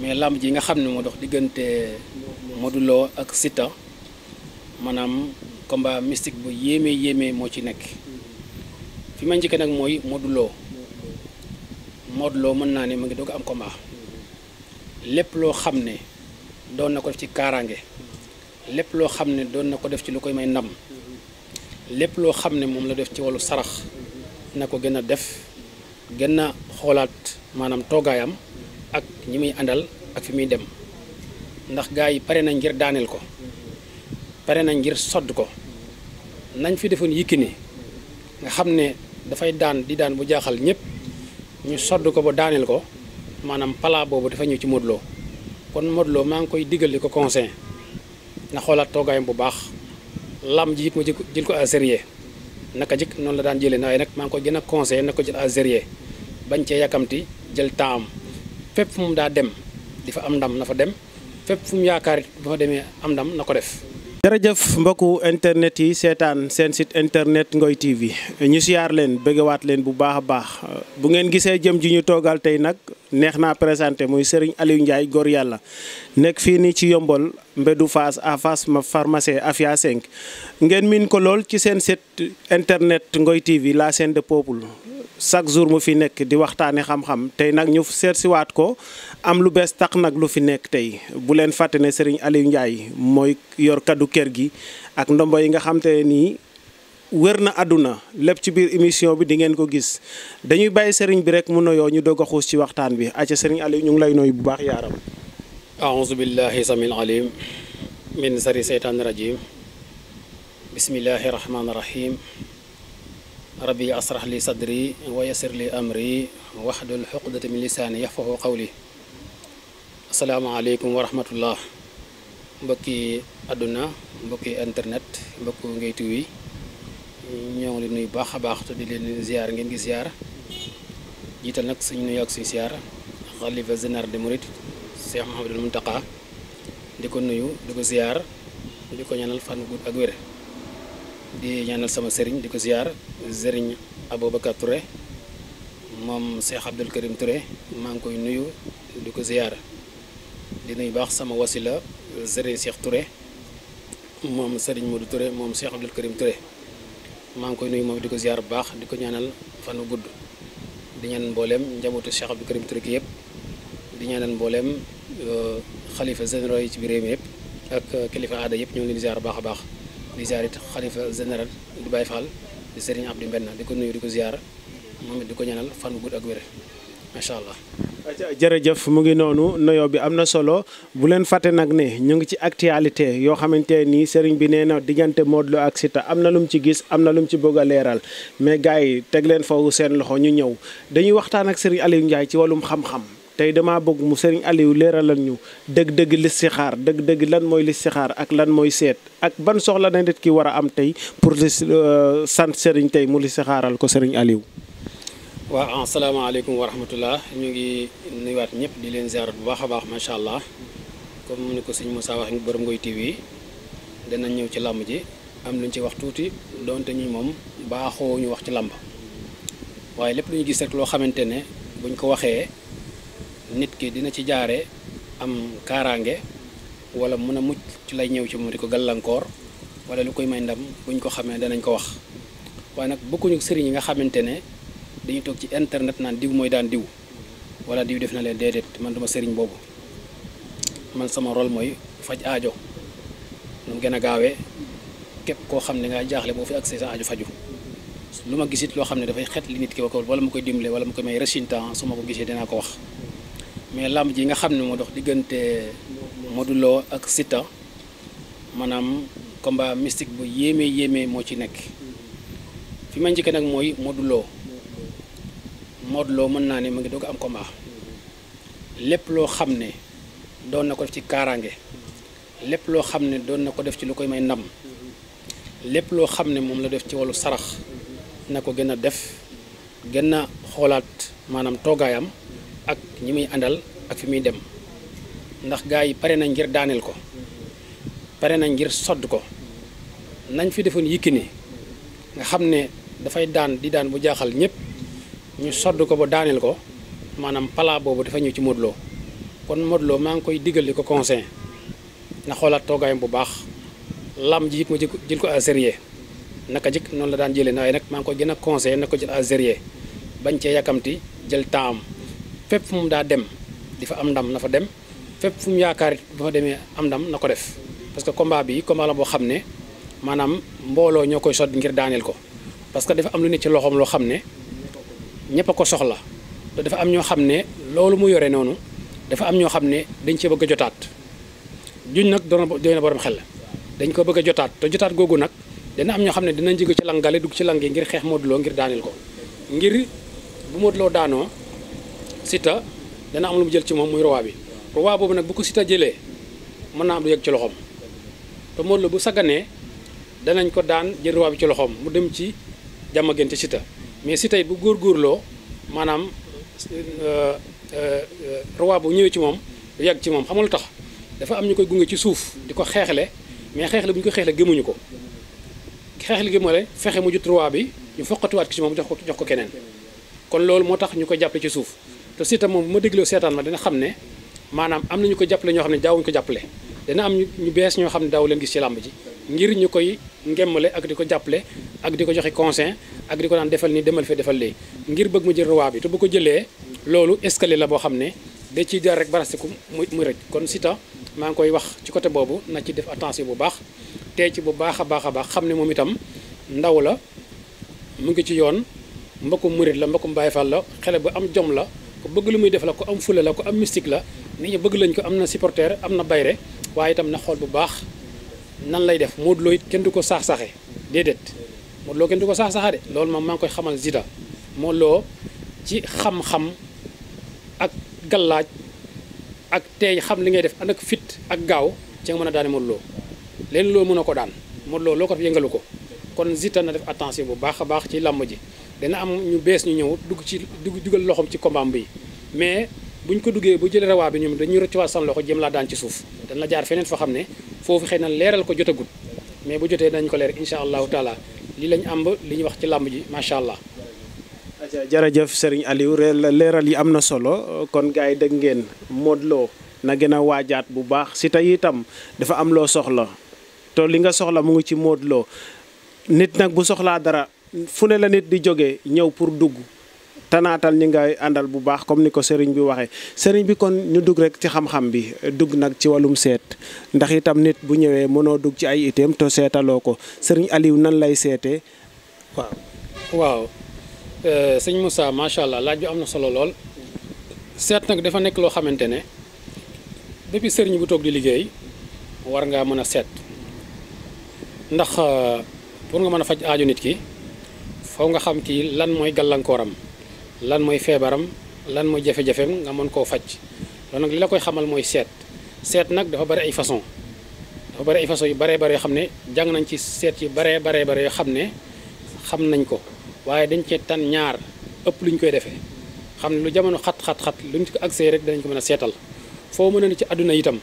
mais làmb ji nga xam ne moo dox diggante Modou ak sita maanaam combat mystique bu yéeme yéeme moo ci nekk fi ma njëkkee nag mooy Modou Lo mën naa ne mu ngi doog am combat lépp loo xam ne doon na ko def ci kaaraange lépp loo xam ne doon na ko def ci lu koy may ndam lépp loo xam ne moom la def ci wàllu sarax na ko gën a def gën a xoolaat maanaam toogaayam. ak ñi muy andal ak fi muy dem ndax gaay yi pare nañ ngir daanel ko pare nañ ngir sodd ko nañ fi defoon yikini nga xam ne dafay daan di daan bu jaaxal ñëpp ñu sodd ko ba daanel ko maanaam pala boobu dafa ñëw ci modlo kon modlo Lo maa ngi koy diggal di ko conseil na xoolaat toogaayam bu baax lam ji mu jël ko à sérieux naka jik noonu la daan jëlee waaye nag maa ngi koy gën a ko jël à sérieux bañ cee yakamti jël temps fépp fu daa dem di fa am ndam na fa dem fépp fu mu yaakaar it bu fa demee am ndam na ko def. jërëjëf mbokku internet yi seetaan seen site internet Ngoy TV ñu siyaar leen bëggewaat leen bu baax a baax bu ngeen gisee jëm ji ñu toogal tey nag neex naa présenté muy Serigne Aliou Ndiaye góor yàlla nekk fii nii ci yombol Mbédou Fass à Fass pharmacie Afia 5 ngeen miin ko lool ci seen site internet Ngoy TV la chaîne de peuple chaque jour mu fi nekk di waxtaane xam-xam tey nag ñu seet siwaat ko am lu bees tax nag lu fi nekk tey bu leen fàtte ne Serigne Aliou Ndiaye mooy yor kaddu kër gi ak ndombo yi nga xam nii wër na àdduna lépp ci biir émission bi di ngeen ko gis dañuy bàyyi sëriñ bi rek mu noyoo ñu doog a xuus ci waxtaan bi acca sëriñ Aliou ñu ngi lay noyu bu baax yaaram aouzu billahi samil alim min sari seytaani rajim bismillahi rahmaani wa yassir li amri waxdul xuqdata min lisaani yafqahu qawli asalaamaaleykum wa rahmatullah mbokki àdduna mbokki internet mbokku ngeytu wi ñoo ngi leen nuyu baax a baax te di leen ziar ngeen ngi ziar jiital nag suñu nuyu ak suñu ziar xalifa général de Mouride Cheikh Mouhamadul Mountakha di ko nuyu di ko ziar di ko ñaanal fànn gudd ak wér di ñaanal sama sëriñ di ko ziar sëriñ Aboubacar Touré moom Cheikh Abdoul Karim Touré maa ngi koy nuyu di ko ziar di baax sama wasila sëriñ Cheikh Touré moom sëriñ Modou Touré moom Cheikh Abdoul Karim Touré. maa ngi koy nuyu moom di ko ziar bu baax di ko ñaanal fanu gudd di ñaan mbooleem njabootu Cheikh Abdou Karim Touré yëpp di ñaanal mbooleem euh, xalifa généraux yi ci biir réew mi yëpp ak kilifa aada yëpp ñoo ngi leen di ziar baax a baax di ziar it xalifa général du Baye Fall di Serigne di Mbenn di ko nuyu di ko ziar moom it di ko ñaanal fanu gudd ak wér macha allah. jërëjëf mu ngi noonu noyo bi am na solo bu leen fàtte nag ne ñu ngi ci actualité yoo xamante nii sëriñ bi nee na diggante Modou Lo ak Siteu am na lum ci gis am na lum ci bëgg a leeral mais gars yi teg leen foofu seen loxo ñu ñëw dañuy waxtaan ak sëriñ Aliou Ndiaye ci wàllum xam-xam tey dama bëgg mu sëriñ Aliou leeralal ñu dëgg-dëgg listixaar dëgg-dëgg lan mooy listixaar ak lan mooy seet ak ban soxla na nit ki war a am tey pour li euh, sant sëriñ tey mu listixaaral ko sëriñ Aliou waaw asalaamaaleykum wa rahmatullah ñu ngi nuyuwaat ñëpp di leen ziarat bu baax a baax macha allah comme ni ko sëñ Moussa waxee borom Ngoy TV danañ ñëw ci làmb ji am luñ ci wax tuuti donte ñu moom baaxoo ñu wax ci làmb waaye lépp lu ñu gis rek loo xamante ne buñ ko waxee nit ki dina ci jaare am kaaraange wala mun a mucc ci lay ñëw ci moom di ko gàllankoor wala lu koy may ndam buñ ko xamee danañ ko wax waaye nag bokkuñu sëriñ yi nga xamante ne. dañuy toog ci internet naan diw mooy daan diw wala diw def na leen déedéet man duma sëriñ boobu man sama rôle mooy faj aajo nu mu gën a gaawee képp koo xam ne nga jaaxle boo fi accès sa aajo faju lu ma gisit loo xam ne dafay xet li nit ki wala ma koy dimbale wala ma koy may ma ko gisee dinaa ko wax mais làmb ji nga xam ne moo dox diggante Modou Lo ak Siteu maanaam combat mystique bu yéeme yéeme moo ci nekk fi ma njëkk nag mooy Modou Modou Lo ni naa ne mu ngi doog am combat lépp loo xam ne doon na ko def ci kaaraange lépp loo xam ne doon def ci lu may ndam la def ci wàllu sarax na def ak ñi andal ak fi muy dem ndax pare nañ ngir ko pare nañ ngir sodd ko nañ fi defoon Yékini nga xam ne daan di daan bu jaaxal ñu sodd ko ba daaneel ko maanaam palaa boobu dafa ñëw ci Modou kon Modou maa ngi koy digal di ko conseil na xoolaat toogaayam bu baax lam ji it ma jël ko à sérieux naka jëkk noonu la daan jëlee waaye rek maa ngi koy gën a conseillé na ko jël à sérieux bañ cee yàkkamti jël temps am fépp fu mu daa dem di fa am ndam na fa dem fépp fu mu yaakaar it bu fa demee am ndam na ko def parce que combat bi combat la boo xam ne maanaam mbooloo ñoo koy sodd ngir daaneel ko parce que dafa am lu ne ci loxoom loo xam ne. ñëpp a ko soxla te dafa am ñoo xam ne loolu mu yore noonu dafa am ñoo xam ne dañ cee bëgg jotaat juñ nag doon doy na borom xel dañ ko bëgg a jotaat te jotaat googu nag dana am ñoo xam ne dinañ jóge ci langale dugg ci lang yi ngir xeex Modou Lo ngir daaneel ko ngir bu Modou Lo daanoo Siteu dana am lu jël ci moom muy roi bi roi boobu nag bu ko Siteu jëlee mën naa am du yegg ci loxoom te Modou Lo bu sagganee danañ ko daan jël roi ci loxoom mu dem ci jàmm gën ci Siteu mais si tey bu góor góorloo maanaam euh, euh, roi bu ñëwee ci moom lu ci moom xamul tax dafa am ñu koy gunge ci suuf di ko xeexle mais xeexle bu ñu ko xeexle gëmuñu ko xeexle gëmale fexe mu jut roi bi ñu foqatuwaat ki ci moom jox ko jox ko keneen kon loolu moo tax ñu ko jàppale ci suuf te si itam moom bu ma dégloo seetaan ma dana xam ne maanaam am na ñu ko jàppale ñoo xam ne daawuñu ko jàppale dana am ñu bees ñoo xam ne daaw leen gis ci làmb ji ngir ñu koy ngemmale ak di ko jàppale ak di ko joxe consein ak di ko daan defal ni demal fi defal lee ngir bëgg mu jël roi bi te bu ko jëlee loolu escalier la boo xam ne da ciy jaar rek barastiku mu mu rëj kon sita maa ngi koy wax ci côté boobu na ci def attention bu baax te ci bu baax a baax a baax xam ne moom itam ndaw la mu ngi ci yoon mbokku murit la mbokku Baay Faal la xele bu am jom la ku bëgg lu muy def la ku am fule la ku am mystique la nit ñi bëgg lañ ko am na supporter am na bayre waaye itam na bu baax nan lay def Modou it kenn du ko saax-saxe déedéet Modou Lo kenn du ko saax-saxa de loolu moom maa ngi koy xamal Zita Modou Lo ci xam-xam ak gallaaj ak tey xam li ngay def ànd ak fitt ak gaaw ci nga mën a daane Modou Lo leen loo mën a ko daan Modou Lo loo ko def yëngalu ko kon Zita na def attention bu baax a baax ci làmb ji dana am ñu bees ñu ñëw dugg ci dugg dugal loxoom ci combat bi mais buñ ko duggé bu jël rawaa bi ñoom dañuy rëccuwaat san loxo jëm la daan ci suuf dañ la jaar feneen fo xamné fofu foofu léral ko leeral ko mais bu jotté dañ ko lér incha allahu taala li lañ am li ñu wax ci lamb ji sha allah. Serigne Aliou léral yi amna solo kon gaay yi ngeen modlo na gëna a bu baax ci tay itam dafa am lo soxla to li nga soxla mu ngi ci modlo nit nak bu soxla dara fune la nit di joggé ñew pour dugg tanatal ñi ngay andal bu baax comme niko sering bi waxe serigne bi kon ñu dug rek ci xam-xam bi dug nag ci walum set ndax itam nit bu ñewé mëno dug ci ay item to sétaloko serigne sering Aliou nan lay sété waaw. waaw euh, serigne Moussa sha allah laaju amna solo lol set nak dafa nek lo xamantene ne depuis serigne bu tok di liggéey war nga mëna set ndax euh, pour nga mëna faj aaju nit ki foo nga xam ki lan moy galankoram lan mooy feebaram lan mooy jafe-jafeem nga mën koo faj loolu nag li la koy xamal mooy seet seet nag dafa bari ay façon dafa bari ay façon yu baree bare yoo xam ne jàng nañ ci seet yu baree baree bare yoo xam ne xam nañ ko waaye dañ cee tan ñaar ëpp lu ñu koy defee xam ne lu jamono xat xat xat lu ñu ko agsee rek danañ ko mën a seetal foo mën a ne ci àdduna itam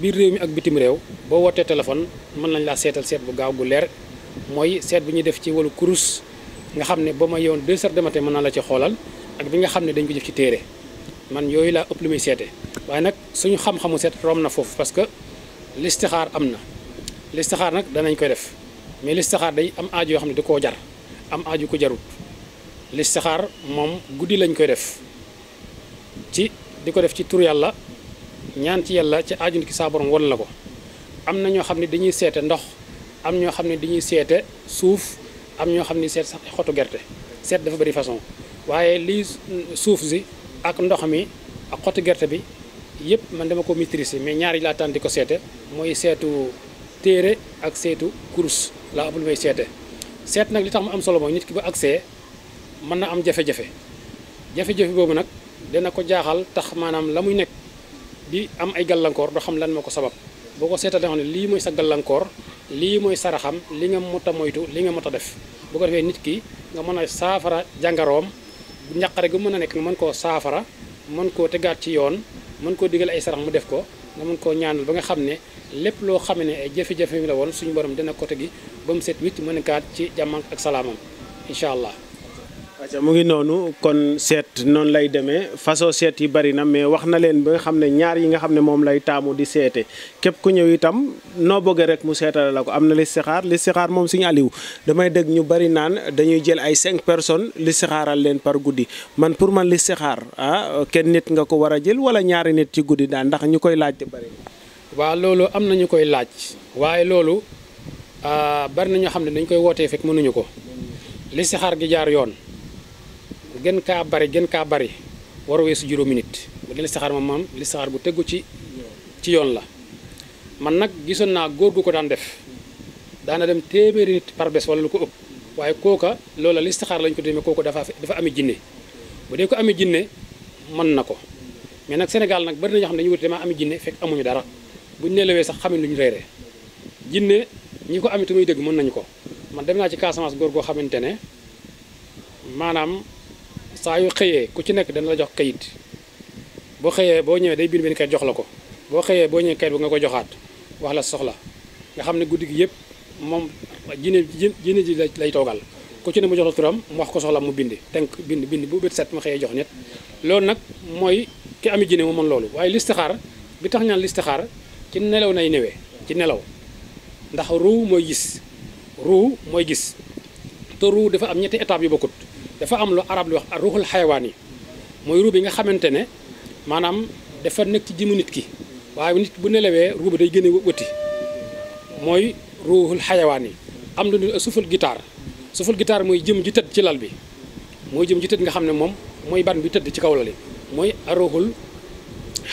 biir réew mi ak bitim réew boo wootee téléphone mën nañ laa seetal seet bu gaaw gu leer mooy seet bu ñuy def ci wàllu kurus nga xam ne ba ma yoon 2 heures de mën naa la ci xoolal ak bi nga xam ne dañ ko jëf ci téere man yooyu laa ëpp lu muy seete waaye nag suñu xam-xamu seet rom na foofu parce que listixaar am na listixaar nag danañ koy def mais listixaar day am aaju yoo xam ne da koo jar am aju ko jarut listixaar moom guddi lañ koy def ci di ko def ci tur yàlla ñaan ci yàlla ci aju ki saa borom wan la ko am na ñoo xam ne dañuy seete ndox am ñoo xam ne dañuy seete suuf am ñoo xam ni seet sax xottu gerte seet dafa bëri façon waaye lii suuf si ak ndox mi ak xottu gerte bi yëpp man dama ko maîtriser mais ñaari yi laa tànn di ko seete mooy seetu téere ak seetu kurus laa am lu may seete seet nag li tax mu am solo mooy nit ki ba accès mën na am jafe-jafe jafe-jafe boobu nag dana ko jaaxal tax maanaam la muy nekk di am ay gàllankoor doo xam lan moo ko sabab boo ko seetalee xam ne lii mooy sa gàllankoor lii mooy saraxam li nga mot a moytu li nga mot a def boo ko defee nit ki nga mën a saafara jàngaroom njaqare gu mën a nekk nga mën koo saafara mën koo tegaat ci yoon mën koo digal ay sarax mu def ko nga mën koo ñaanal ba nga xam ne lépp loo xam ne ay jafe-jafe mi la woon suñu borom dina côté gi ba mu set wicc mën a kaat ci jàmm ak salaamam incha allah mu ngi noonu kon seet noonu lay demee façon seet yi bari na mais wax na leen ba nga xam ne ñaar yi nga xam ne moom lay taamu di seete képp ku ñëw itam noo bëggee rek mu seetale la ko am na listixaar listixaar moom suñu Aliou damay dégg ñu bari naan dañuy jël ay cinq personnes listixaaral leen par guddi man pour man listixaar ah kenn nit nga ko war a jël wala ñaari nit ci guddi daan ndax ñu koy laaj te bari waaw loolu am na ñu koy laaj waaye loolu ah, bari na ñoo xam ne dañ koy wootee fekk mënuñu ko listixaar gi jaar yoon gën kaa bari genn kaa bari war a weesu juróomi nit li listixaar moom moom listixaar bu tegu ci ci yoon la man nag gisoon naa góor gu ko daan def daana dem téeméeri nit par bés lu ko ëpp waaye kooka loola listixaar lañ ko demee kooku dafa dafa amee jinne bu dee ko amee jinne mën na ko mais nag Sénégal nag bari na ñoo xam ne dañuy wuti damaa amee jinne fekk amuñu dara buñ nelawee sax xamin lu ñu reeree jinne ñi ko amit muy dëgg mën nañu ko man dem naa ci Casamance góor goo xamante ne maanaam saa yu xëyee ku ci nekk dana la jox kayit boo xëyee boo ñëwee day bind benn kayit jox la ko boo xëyee boo ñëwee kayit bu nga ko joxaat wax la soxla nga xam ne guddi gi yëpp moom jine jine ji lay toogal ku ci ne mu jox la turam mu wax ko soxla mu bind tënk bind bind bu bët set ma xëyee jox nit loolu nag mooy ki ami jine mu mën loolu waaye listixaar bi tax ñaan listixaar ci nelaw nay newee ci nelaw ndax ruu mooy gis ruu mooy gis te ruu dafa am ñetti étape yu dafa am lu arab li wax ak ruuxul xayawaan yi mooy ruu bi nga xamante ne maanaam dafa nekk ci jëmu nit ki waaye nit bu nelawee ruu day gën a wëti mooy ruuxul xayawaan yi am lu ñu suful gitaar suful gitaar mooy jëm ji tëdd ci lal bi mooy jëm ji tëdd nga xam ne moom mooy ban bi tëdd ci kaw mooy ruuxul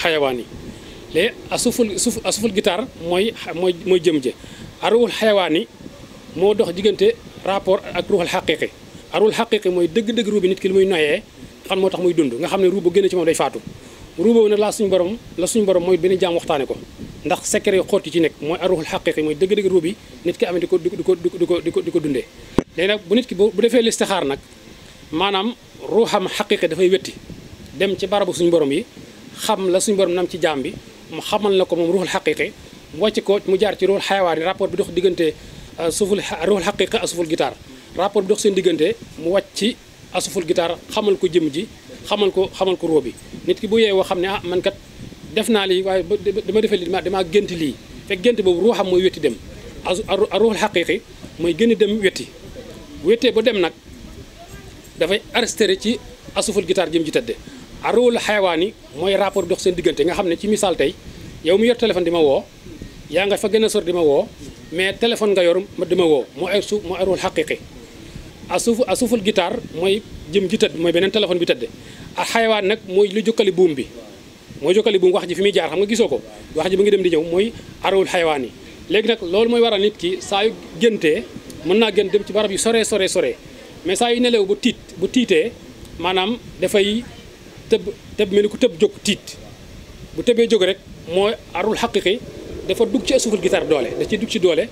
xayawaan yi léegi asuful suf asuful gitaar mooy mooy mooy jëm je aruuxul xayawaan yi moo dox diggante rapport ak ruuxul xaqiqi aru xaqiqi mooy dëgg-dëgg ruu bi nit ki li muy noyee xam moo tax muy dund nga xam ne ruu bu génne ci moom day faatu ruu boobu nag laa suñu borom la suñu borom mooy benn jaam waxtaane ko ndax secret yu ci nekk mooy aruxul xaqiqi mooy dëgg-dëgg ruu nit ki amee di ko di ko di ko di ko bu nit ki bu defee listixaar nag maanaam ruuxam xaqiqi dafay wetti dem ci barabu suñu borom yi xam la suñu borom nam ci jaam bi mu xamal na ko moom ruuxul xaqiqi wàcc ko mu jaar ci ruuxul xayawaan rapport bi dox diggante suuful ruuxul xaqiqi ak suuful rapport bi dox seen diggante mu wàcc ci asuful gitaar xamal ko jëm ji xamal ko xamal ko bi nit ki bu yeewoo xam ne ah man kat def naa lii waaye dama defee lii damaa gént lii fekk gént boobu ruuxam mooy wetti dem a ruuxul xaqiiqi mooy gën a dem wetti wettee bu dem nag dafay arrêté ci asuful gitaar jëm ji tëdde a ruuxul xayawaan yi mooy rapport dox seen diggante nga xam ne ci misaal tey yow mu yor téléphone di ma woo yaa nga fa gën a sor di ma woo mais téléphone nga yor ma di ma woo moo ay su moo ay ruuxul xaqiiqi asuufu asuuful gitaar mooy jëm ji tëdd mooy beneen téléphone bi tëdd ak xayawaan nag mooy lu jokkali buum bi mooy jokkali buum wax ji fi muy jaar xam nga gisoo ko wax ji mu ngi dem di ñëw mooy arawul xayawaan yi léegi nag loolu mooy waral nit ki saa yu géntee mën naa gën dem ci barab yi sore sore sore mais saa yu nelew bu tiit bu tiitee maanaam dafay tëb tëb mel ni ku tëb jóg tiit bu tëbee jóg rek mooy arul xaqiqi dafa dugg ci asuuful guitare doole da ciy dugg ci doole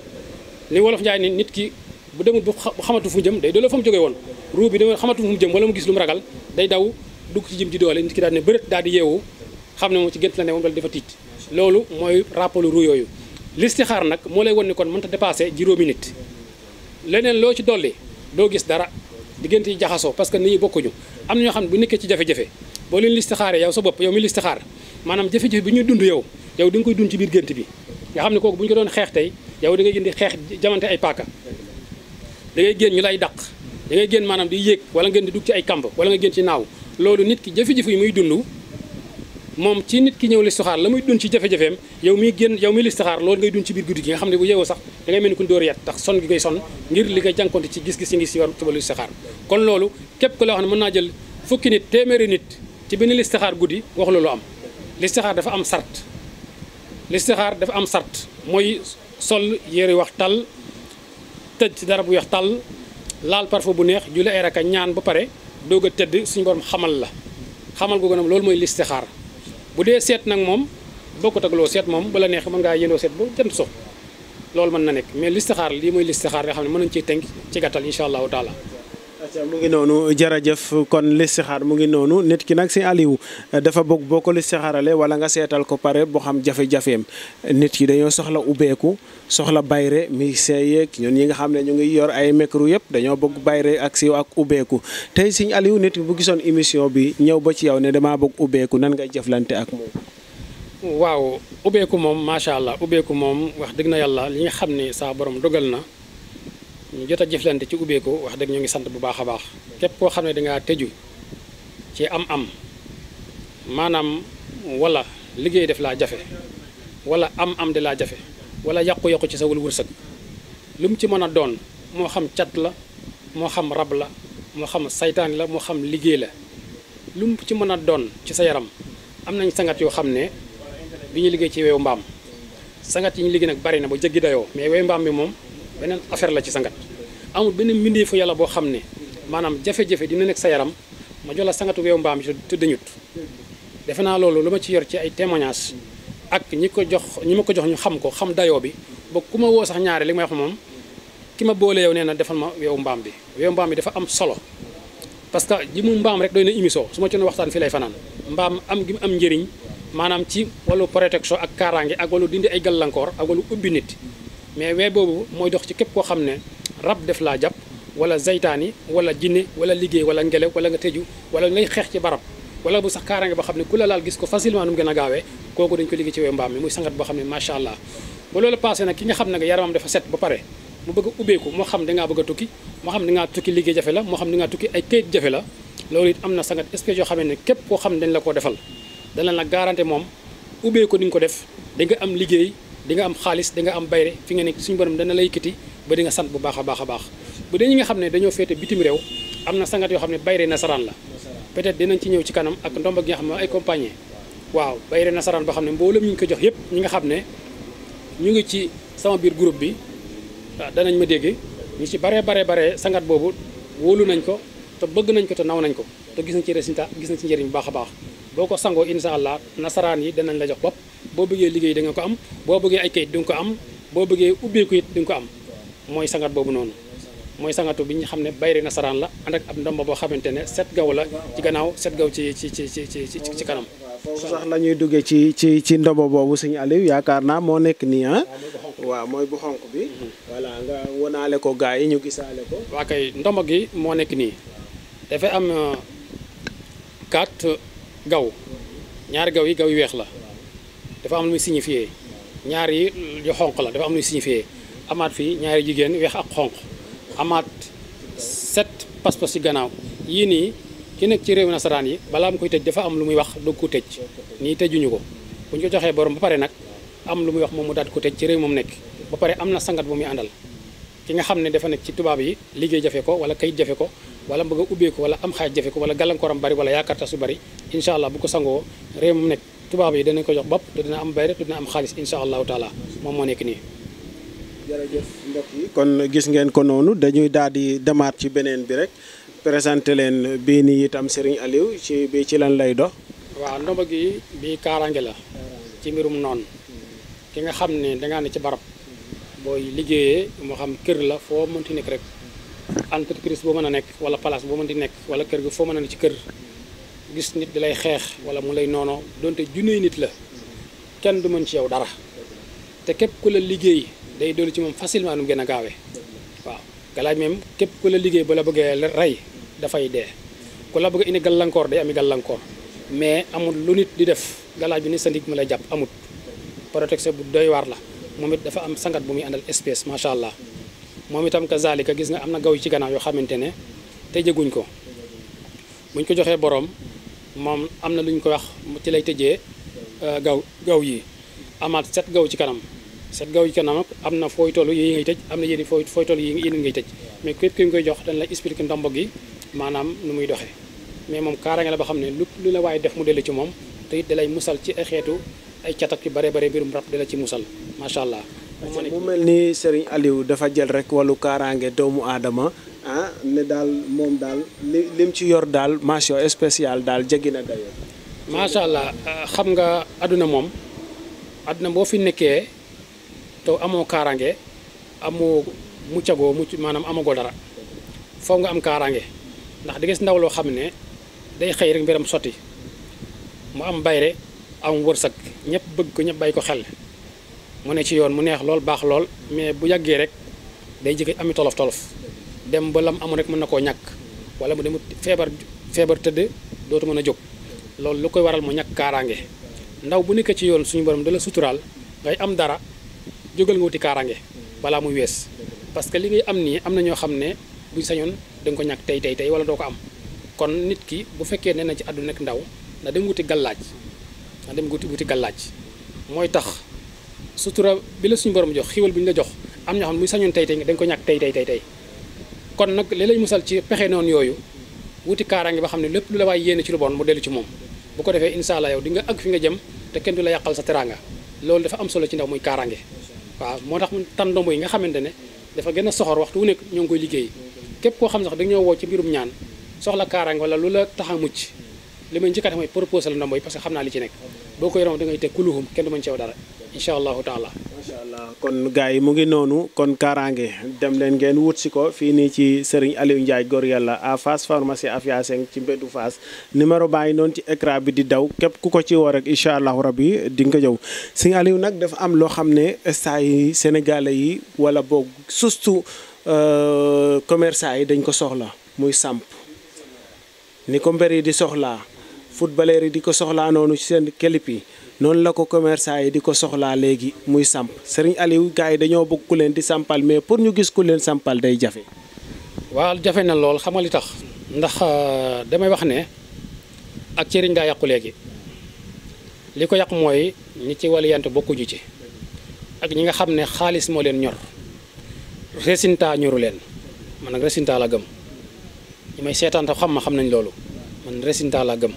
ki bu demul bu xamatu fu mu jëm day delloo fa mu jógee woon ruu bi dama xamatu fu mu jëm wala mu gis lu mu ragal day daw dugg ci jëm ji doole nit ki daal ne bërët daal di yeewu xam ne moom ci gént la ne woon wala dafa tiit loolu mooy rappalu ruu yooyu xaar nag moo lay won ni kon mënta dépassé juróomi nit leneen loo ci dolli doo gis dara diggante yi jaxasoo parce que nit ñi bokkuñu am na ñoo xam ne bu nekkee ci jafe-jafe boo leen listixaaree yow sa bopp yow mi listixaar maanaam jafe bi ñuy dund yow yow di nga koy dund ci biir gént bi nga xam ne kooku bu ñu doon xeex tey yow da ngay gën di ay paaka dangay ngay génn ñu lay dàq da ngay génn maanaam di yéeg wala ngeen di dugg ci ay kamb wala nga génn ci naaw loolu nit ki jafe-jafe yi muy dund moom ci nit ki ñëw listixaar la muy dund ci jafe yow muy génn yow muy listixaar loolu ngay dund ci biir guddi gi nga xam ne bu yeewoo sax da ngay mel ni ku dóor yat tax son gi ngay son ngir li ngay jànkonte ci gis-gis yi ngi si war tubalu listixaar kon loolu képp ku la wax ne mën naa jël fukki nit téeméeri nit ci benn listixaar guddi wax loolu am listixaar dafa am sart listixaar dafa am sart mooy sol yëri wax tal tëdd ci dara bu weex tàll laal parfum bu neex julli ay raka ñaan ba pare doog a tëdd suñu borom xamal la xamal googu nag loolu mooy listixaar bu dee seet nag moom bokkut ak loo seet moom bu la neex mën ngaa yéndoo seet ba jënd so loolu mën na nekk mais listixaar lii mooy listixaar nga xam ne mën nañu ciy tënk ci gàttal incha allahu mu ngi noonu jërëjëf kon listixaar mu ngi noonu nit ki nag si aliw dafa bëgg boo ko listixaarale wala nga seetal ko pare boo xam jafe-jafeem nit ki dañoo soxla ubbeeku soxla bayre mi seeyeeg ñun ñi nga xam ne ñu ngi yor ay micro yëpp dañoo bëgg bayre ak si ak ubbeeku tey si Aliou nit bu gisoon émission bi ñëw ba ci yow ne damaa bëgg ubbeeku nan ngay jëflante ak moom waaw ubbeeku moom macha allah ubbeeku moom wax dëgg na yàlla li nga xam ne saa borom dogal na ñu jot a jëflante ci ubbeeku wax dëgg ñu ngi sant bu baax a baax képp koo xam ne dangaa tëju ci am-am maanaam wala liggéey def laa jafe wala am-am di laa jafe wala yàqu-yàqu ci sa wul wërsëg lu mu ci mën a doon moo xam cat la moo xam rab la moo xam saytaan la moo xam liggéey la lu mu ci mën a doon ci sa yaram am nañ sangat yoo xam ne bi ñu liggéey ci weewu mbaam sangat yi ñu liggéey nag bari na ba jéggi dayoo mais weewu mbaam bi moom. beneen affaire la ci sangat amul beneen mbindeefu yàlla boo xam ne maanaam jafe-jafe dina nekk sa yaram ma jox la sangatu weewu mbaam te dañut defe naa loolu lu ma ci yor ci ay témoignage ak ñi ko jox ñi ma ko jox ñu xam ko xam dayo bi ba ku ma woo sax ñaare li ma wax moom ki ma boole yow nee na defal ma weewu mbaam bi weewu mbaam bi dafa am solo parce que ji mu mbaam rek doy na émission su ma ci doon waxtaan fii lay fanaan mbaam am gi mu am njëriñ maanaam ci wàllu protection ak kaaraange ak wàllu dindi ay gàllankoor ak wàllu ubbi nit mais wee bobu moy dox ci kep ko xamne rab def la jàpp wala zaytani wala jinne wala liggéey wala ngelew wala nga tëju wala ngay xex ci barab wala bu sax kaaraange boo xam ne ku laal gis ko facilement num gëna gaawé koku dañ ko liggéey ci wé mbam mi muy sangat ba xamne machallah macha lolu passé nak ki nga xamne ne nga yaramam dafa set ba pare mu bëgg ubé ko mo xam da nga bëgg tukki mo xam da nga tukki liggéey jafe la mo xam da nga tukki ay kayit jafe la lolu it am na sangat espèce yoo xam ne kep ko xam dañ la ko defal dañ la garanté mom ubé ko ni nga ko def da nga am liggéey di nga am xaalis di nga am bayre fi nga nekk suñu borom dana la yëkkati ba di nga sant bu baax a baax a baax bu dee ñi nga xam ne dañoo feete bitim réew am na sangat yoo xam ne bayre nasaraan la peut-être dinañ ci ñëw ci kanam ak ndomb gi nga xam ne ay compagnie waaw bayre nasaraan boo xam ne mboolem ñu ngi ko jox yëpp ñi nga xam ne ñu ngi ci sama biir groupe bi ah, danañ ma dégg ñu ci baree bare bare sangat boobu wóolu nañ ko te bëgg nañ ko te naw nañ ko te gis nañ ci résultat gis nañ ci njëriñ bu baax a baax boo ko sangoo incha allah nasaraan yi danañ la jox bopp bo beugé liggéey da nga ko am bo beugé ay kayit dung ko am boo bëggee ubbeeku it di nga ko am moy sangat bobu non moy sangatu biñu xamné bayri nasaran la ànd ak ab ndomba bo xamantene set gaw la ci gannaaw set gaw ci ci ci ci ci ci kanam. foofu sax lañuy duggé ci ci ci ndomba bobu sëñ Aliou yakarna mo nek ni nii ah? wa moy bu xonku bi. wala nga wonalé ko gaay ñu gisaale ko. wa kay ndomba gi moo am 4 euh, gaw ñaar gaw yi gaw yi wex la. dafa am lu muy signifié ñaar yi yu xonq la dafa am lu muy signifié amaat fii ñaari jigéen weex ak xonq amaat sept pas-pas ci gannaaw yii nii ki nekk ci réew nasaraan yi balaa mu koy tëj dafa am lu muy wax doog ko tëj nii tëjuñu ko bu ñu ko joxee borom ba pare nag am lu muy wax moom mu daat ko tëj ci réew moom nekk ba pare am na sangat bu muy àndal ki nga xam ne dafa nekk ci tubaab yi liggéey jafe ko wala kayit jafe ko wala bëgg a ubbee ko wala am xaaj jafe ko wala bari wala yaakaar su bari incha allah bu ko sangoo réew moom nekk tubaab yi danañ ko jox bopp te dina am bay rek te dina am xaalis insha allahu taala moom moo nekk nii kon gis ngeen ko noonu dañuy daal di demaat ci beneen bi rek présenté leen bii nii itam Serigne Aliou ci bi ci lan lay dox waaw ndomba gi bii kaaraange la ci mbirum noonu ki nga xam ne dangaa ne ci barab booy liggéeyee moo xam kër la foo mënti nekk rek entreprise boo mën a nekk wala place boo mënti nekk wala kër gi foo mën a ne ci kër gis nit di lay xeex wala mu lay noonoo donte junne nit la kenn du mën ci yow dara te képp ku la liggéey day dolli ci moom facilement nu mu gën a gaawee waaw galaaj même képp ku la liggéey ba la bëggee rey dafay dee ku la bëgg indi gàllankoor day ami gàllankoor mais amul lu nit di def galaaj bi ni sa ndig mu lay jàpp amut protection bu doy waar la moom it dafa am sangat bu muy àndal espèce macha allah moom itam kazalika gis nga am na gaw yi ci gannaaw yoo xamante ne te jëguñ ko ko joxee boroom moom am na lu ñu ko wax ci lay tëjee euh, gaw gaw yi amaat set gaw ci kanam set gaw ci kanam am na fooy toll yi ngay tëj am na yéen fooy fooy toll yi yéen ngay tëj mais képp ki ñu koy jox dañ la expliquer ndombo gi maanaam nu muy doxee mais moom kaaraange la ba xam ne lu lu la waaye def mu dellu ci moom te it dalay musal ci ay xeetu ay catak yu bare bare mbirum rab dala ci musal macha allah. mu mel ni Serigne Aliou dafa jël rek wàllu kaaraange doomu aadama. ah ne dal mom dal lim ci yor dal mention spéciale dal jéggi dayo ma sha allah ah, xam nga aduna mom, aduna bo fi nekké to amu karangé amu muccago mucc manam amu dara fonga nga am karangé ndax di gis ndaw lo xamné day xey rek mbiram soti mu am bayre am wërsëg ñepp bëgg ko ñepp bay ko xel mu ne ci yoon mu neex lool baax lool mais bu yàggee rek day ami tolof tolof dem ba lam amoon rek mën na koo ñàkk wala mu dem feebar feebar tëdd dootu mën a jóg lu koy waral mu ñàkk kaaraange ndaw bu nekkee ci yoon suñu borom da la ngay am dara jógal nga wuti kaaraange balaa muy wees parce que li ngay am nii am na ñoo xam ne buñ sañoon da nga ko ñàkk tey tey tey wala doo ko am kon nit ki bu fekkee ne na ci àdduna nekk ndaw na dem wuti gàllaaj na dem wuti wuti gàllaaj mooy tax sutura bi la suñu borom jox xiwal la jox am ñoo xam ne buñ sañoon tey tey da nga ko ñàkk tey tey tey kon nag li lay musal ci pexe noonu yooyu wuti kaaraange ba xam ne lépp lu la waay yéene ci lu bon mu dellu ci moom bu ko defee incha allah yow di nga àgg fi nga jëm te kenn du la yàqal sa teraanga loolu dafa am solo ci ndaw muy kaaraange waaw moo tax mu tànn ndombo yi nga xamante ne dafa gën a soxor waxtu wu nekk ñoo ngi koy liggéey képp koo xam sax da nga ñoo woo ci mbirum ñaan soxla kaaraange wala lu la tax a mucc li may njëkkaat mooy proposé la ndombo yi li nekk boo ko yoroon ngay teg kuluhum kenn incha allahu taala. macha kon gars yi mu ngi noonu kon kaaraange dem leen ngeen wut si ko fii nii ci Serigne Aliou Ndiaye góor yàlla à face pharmacie Afia 5 ci mbeddu Fass numéro baa ngi noonu ci écran bi di daw képp ku ko ci woo rek incha allahu rabi di nga ko jëw Serigne Aliou nag dafa am loo xam ne saa yi senegale yi wala boog surtout euh, commerçant yi dañ ko soxla muy samp ni ko mbër yi di soxlaa footballeur yi di ko soxlaa noonu ci seen kelip yi noonu la ko commerçant yi di ko soxlaa léegi muy samp Serigne Aliou yi dañoo bëgg ku leen di sampal mais pour ñu gis ku leen sampal day jafe. waaw jafe na lool xam nga li tax ndax euh, damay wax ne ak cëriñ daa yàqu léegi li ko yàq mooy ñi ci walliyant bokkuñu ci ak ñi nga xam ne xaalis moo leen ñor résultat ñoru leen man nag résultat la gëm ñi may seetaan te xam ma xam nañ loolu man résultat la gëm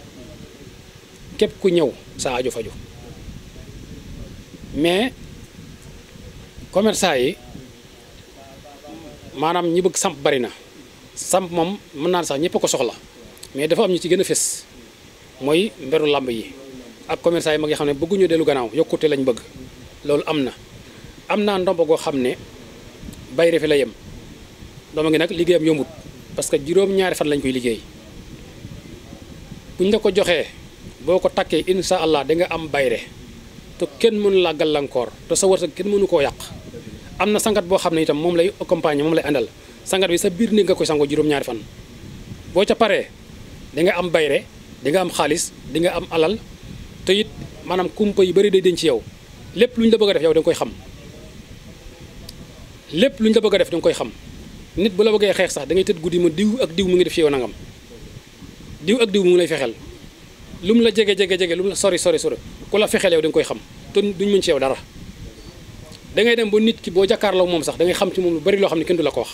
képp ku ñëw sa aju faju mais commerçant yi manam ñi bëgg samp bari na samp mom mën na sax ñepp ko soxla mais dafa am ñu ci gëna fess moy mbéru lamb yi ak commerçant yi mag yi xam bëggu ñu délu gannaaw yokkute lañ bëgg lool amna amna ndomb go xam bay refi la yem dama ngi nak liggéeyam yomut parce que juroom ñaari fan lañ koy liggéey buñ la ko joxé boko takké allah da nga am bayre te kenn mënu laa gàllankoor te sa wërsëg kenn mënu koo yàq am na sangat boo xam ne itam moom lay accompagner moom lay àndal sangat bi sa biir néeg nga ko sangoo juróom-ñaari fan boo ca paree di nga am bayre di am xaalis di nga am alal te it maanaam kumpa yu bari day denc ci yow lépp lu ñu la bëgg a def yow da koy xam lépp lu ñu la bëgg def da koy xam nit bu la bëggee xeex sax dangay ngay tëdd guddi ma diw ak diw mu ngi def ci yow nangam diw ak diw mu lay fexeel lu mu la jege jege jege lu mu la sori sori sori ku la fexeel yow da koy xam te duñ mën ci yow dara da ngay dem ba nit ki boo jàkkaarloo moom sax dangay xam ci moom lu bari loo xam ne kenn du la ko wax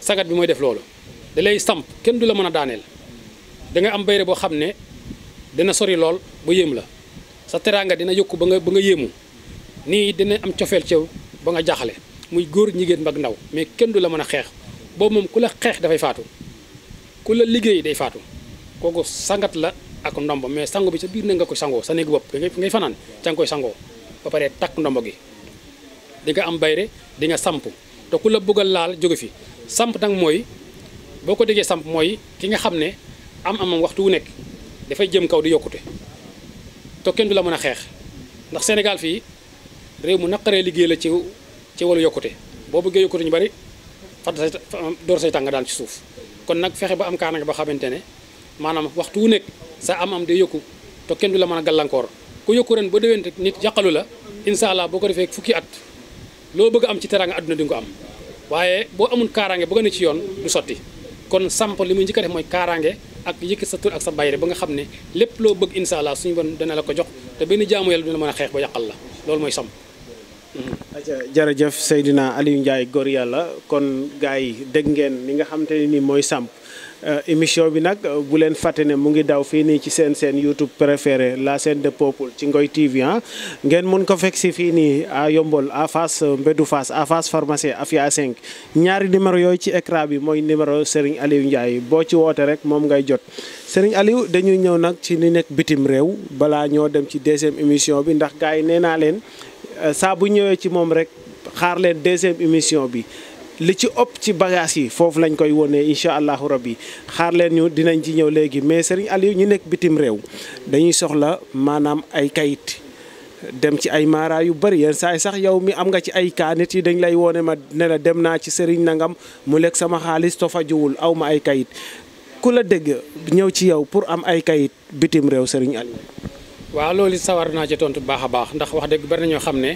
sangat bi mooy def loolu da samp kenn du la mën a daaneel da nga am bayre boo xam ne dina sori lool ba yéem la sa teraanga dina yokku ba nga ba nga yéemu nii dina am cofeel ci ba nga jaaxle muy góor ñigéen mag ndaw mais kenn du la mën a xeex boo moom ku la xeex dafay faatu ku liggéey day faatu kooku sangat la ak ndombo mais sango bi sa biir ne nga koy sangoo sa néeg bopp ngay fanaan ca nga koy sangoo ba pare takk ndomb gi di nga am bayre di samp te ku la bëgg a laal jóge fi samp nag mooy boo ko déggee samp mooy ki nga xam ne am amam waxtu wu nekk dafay jëm kaw di yokkute te kenn du la mën a xeex ndax Sénégal fii réew mu naqaree liggéey la ci ci wàllu yokkute boo bëggee yokkute ñu bari fadd say door say tàng daal ci suuf kon nag fexe ba am kaana nga ba xamante ne manam waxtu wu nek sa am-am de yokku to kenn du la mën a ku yokku ren bo dewen nit yàqalu la inshallah allah ko fukki at lo bëgg am ci teranga aduna di nga am waaye bo amun karange bëgg na ci yoon du soti kon samp limu muy njëkk def moy karange ak yëk sa tur ak sa bayre ba nga xamne lepp lo bëgg inshallah suñu bon dana la ko jox te benn jaamu yalla dina mën a xeex ba yàqal la lool moy samp jarajeuf sayidina Aliou ndjay gor yalla kon gaay yi ngeen ni nga xamanteni ni moy samp Euh, émission bi nag euh, bu leen fàtte ne mu ngi daw fii nii ci seen seen YouTube préféré la chaîne de peuple ci Ngoy TV ah ngeen mun ko fekk si fii nii à Yombol à face euh, Mbeddu Fass à face pharmacie Afia 5 ñaari numéro yooyu ci écran bi mooy numéro Serigne Aliou Ndiaye boo ci woote rek moom ngay jot seriñ Aliou dañuy ñëw nag ci ni nekk bitim réew balaa ñoo dem ci deuxième émission bi ndax gars yi nee naa leen saa bu ñëwee ci moom rek xaar leen deuxième émission bi. li ci ëpp ci bagage yi foofu lañ koy wonee incha allahu rabbi xaar leen ñu dinañ ci ñëw léegi mais sëriñ Aliou ñu nekk bitim réew dañuy soxla maanaam ay kayit dem ci ay maara yu bëri yenn saa sax yow mi am nga ci ay kaanit yi dañ lay wone ma ne dem naa ci sëriñ nangam mu lekk sama xaalis to fajuwul aw ma ay kayit ku la dégg ñëw ci yow pour am ay kayit bitim réew sëriñ Aliou. waaw loolu sawar naa ci tontu bu baax a baax ndax wax dëgg bari na ñoo xam ne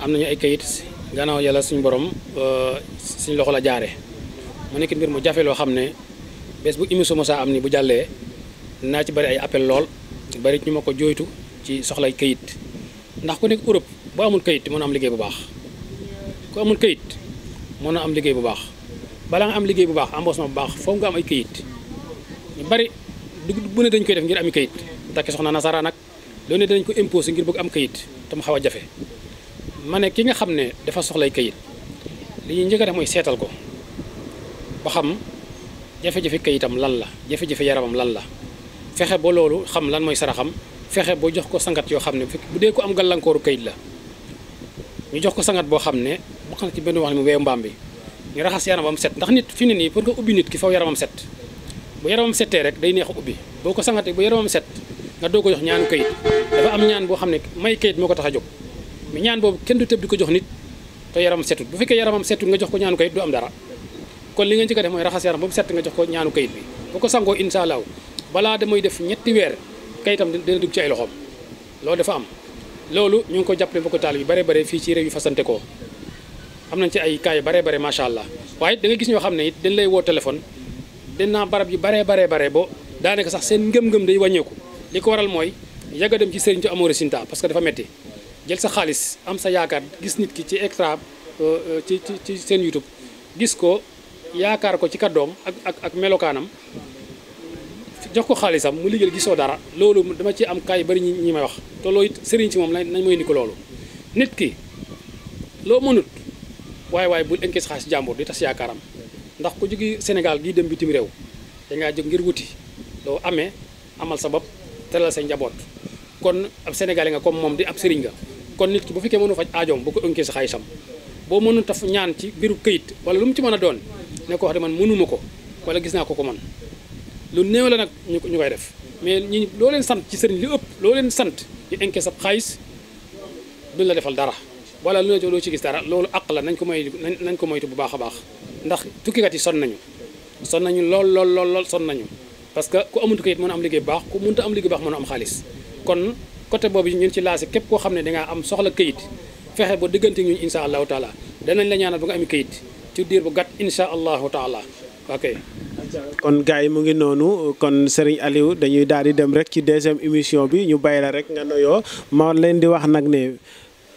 am nañu ay kayit gannaaw yàlla suñu borom euh, suñ loxo la jaare mu nekk mbir mu jafe loo xam ne bés bu émission mosaa am ni bu jàllee naa ci bari ay appel lool bari ñu ma ko jooytu ci soxlay kayit ndax ku nekk Europe boo amul kayit mën a am liggéey bu baax ku amul kayit mën a am liggéey bu baax balaa nga am liggéey bu baax embauchement bu baax foofu nga am ay kayit ñu bari dugub bu ne dañ koy def ngir ami kayit takki soxna nasara nag loolu ne dañ ko imposé ngir bëgg am kayit tam xaw a jafe ma ki nga xam ne dafa soxlay kayit li ñuy njëkk mooy seetal ko ba xam jafe-jafe kayitam lan la jafe-jafe yaramam lan la fexe ba loolu xam lan mooy saraxam fexe ba jox ko sangat yoo xam ne bu dee ko am gàllankooru kayit la ñu jox ko sangat boo xam ne bokk na ci benn wax ne mu weewu mbaam bi ñu raxas yaramam set ndax nit fi ne nii pour nga ubbi nit ki faw yaramam set bu yaramam setee rek day neex a ubbi boo ko sangatee bu yaramam set nga doo ko jox ñaanu kayit dafa am ñaan boo xam ne may moo ko tax a jóg mais ñaan boobu kenn du tëb di ko jox nit te yaramam setut bu fekkee yaramam setut nga jox ko ñaanu kayit du am dara kon li nga njëkk a def mooy raxas yaram ba mu set nga jox ko ñaanu kayit bi bu ko sangoo incha allah balaa damay def ñetti weer kayitam dina dugg ci ay loxoom loolu dafa am loolu ñu ngi ko jàppale mbokku taal bi bare bare fii ci réew yu fasante ko am nañ ci ay yu bare bare macha allah waaye da nga gis ñoo xam ne it dañ lay woo téléphone dinaa barab yu bare bare bare bo daanaka sax seen ngëm-ngëm day wàññeeku li ko waral mooy yàgg dem ci sëriñ ci amoo résultat parce que dafa metti jël sa xaalis am sa yaakar gis nit ki ci extra euh, euh, ci ci sen YouTube gis ko yaakar ko ci kaddom ak ak ak melokanam jox ko xaalisam mu liggéey gisoo dara loolu dama ci am kay bari ñi may wax te loolu it ci mom moom lañ mooy ni ko loolu nit ki lo mënut waaye waaye bu enke xaalis jambour di tas yaakaram ndax ku jigi senegal gi dem bitim rew da nga jog ngir wuti lo amé amal sa bop telal sa njabot kon ab senegal nga comme mom di ab serigne nga kon nit ki bu fekkee mënu faj aajoom bu ko ënkee sa xaalisam boo mënu taf ñaan ci biiru këyit wala lu mu ci mën a doon ne ko wax de man mënuma ko wala gis naa ko ko man lu néew la nag ñu ñu koy def mais ñi loo leen sant ci sëriñ li loo leen sant di ënkee xaalis duñ la defal dara wala lu loo ci gis dara loolu àq la nañ ko moy nañ ko moytu bu baax a baax ndax tukkikat yi son nañu son nañu lool lool lool lool son nañu parce que ku amut kayit mën a am liggéey baax ku mënta am liggéey baax mën a am xaalis kon côté boobu ñun ci laasi képp ko xam ne dangaa am soxla kayit fexe ba diggante ñu incha allahu taala danañ la ñaanal bu nga am këyit ci diir bu gàtt incha allahu taala ok. kon gars yi mu ngi noonu kon Serigne Aliou dañuy daal di dem rek ci deuxième émission bi ñu bàyyi la rek nga noyoo ma leen di wax nag ne.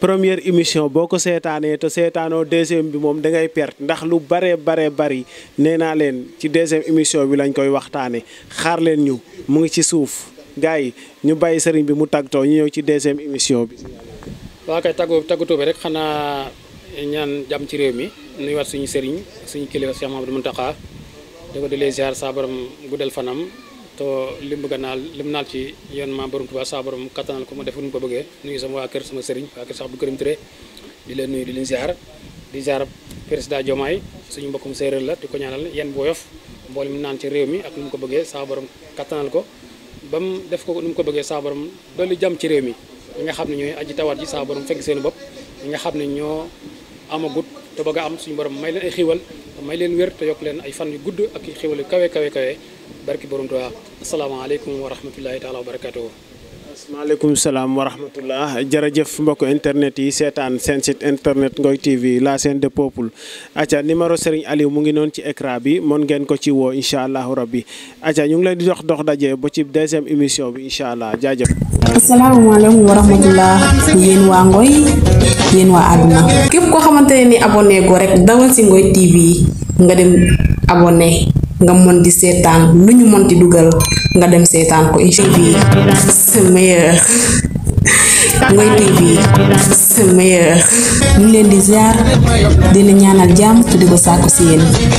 première émission boo ko seetaanee te seetaanoo deuxième bi moom dangay perte ndax lu bare bare bari nee naa leen ci deuxième émission bi lañ koy waxtaane xaar leen ñu mu ngi ci suuf gay ñu bàyyi sëriñ bi mu tagto ñu ñëw ci deuxième émission bi. wa kay tagu tagu bi rek xana ñaan jam ci réew mi nuy wat suñu sëriñ suñu kilifa Cheikh Mamadou muntaka di ko dalee ziar saa borom guddal fanam to lim bëgg naal lim naal ci yoon ma borom tuba saa borom kattanal ko mo defu ñu ko bëgge nuy sama wa kër sama sëriñ wa kër sax bu kërim ture di leen nuy di leen ziar di ziar président jomay suñu mbokum séeréer la di ko ñaanal yeen bu woyof mboolem naan ci réew mi ak ñu ko bëgge saa borom kattanal ko ba mu def ko nu mu ko bëggee saa borom dolli jam ci réew mi ñi nga xam ne ñooy aji tawat ji saa borom fekk seen bopp ñi nga xam ne ñoo amagut te bëgg a am suñu borom may leen ay xiiwal may leen wér te yokk leen ay fan yu gudd ak xiiwal yu kawe kawe kawe barki borom Tuubaa asalaamaaleykum wa rahmatullahi taala wa barakatuhu maaleykum salaam wa rahmatullah jërëjëf mbokk internet yi seetaan seen site internet Ngoy TV la chaîne de peuple aca numéro Serigne Aliou mu ngi noonu ci écran bi moon ngeen ko ci woo incha allahu rabbi aca ñu ngi leen di dox dox daje ba ci deuxième émission bi incha allah jaajëf. asalaamaaleykum wa rahmatullah yéen waa képp koo xamante ne ni abonné ko rek dawal si Ngoy TV nga dem abonné nga mën di seetaan lu ñu mën di dugal nga dem seetaan ko Ngoye TV c'est meilleur Ngoye TV c'est meilleur leen di ziar di leen ñaanal jàmm te di ko sàkku si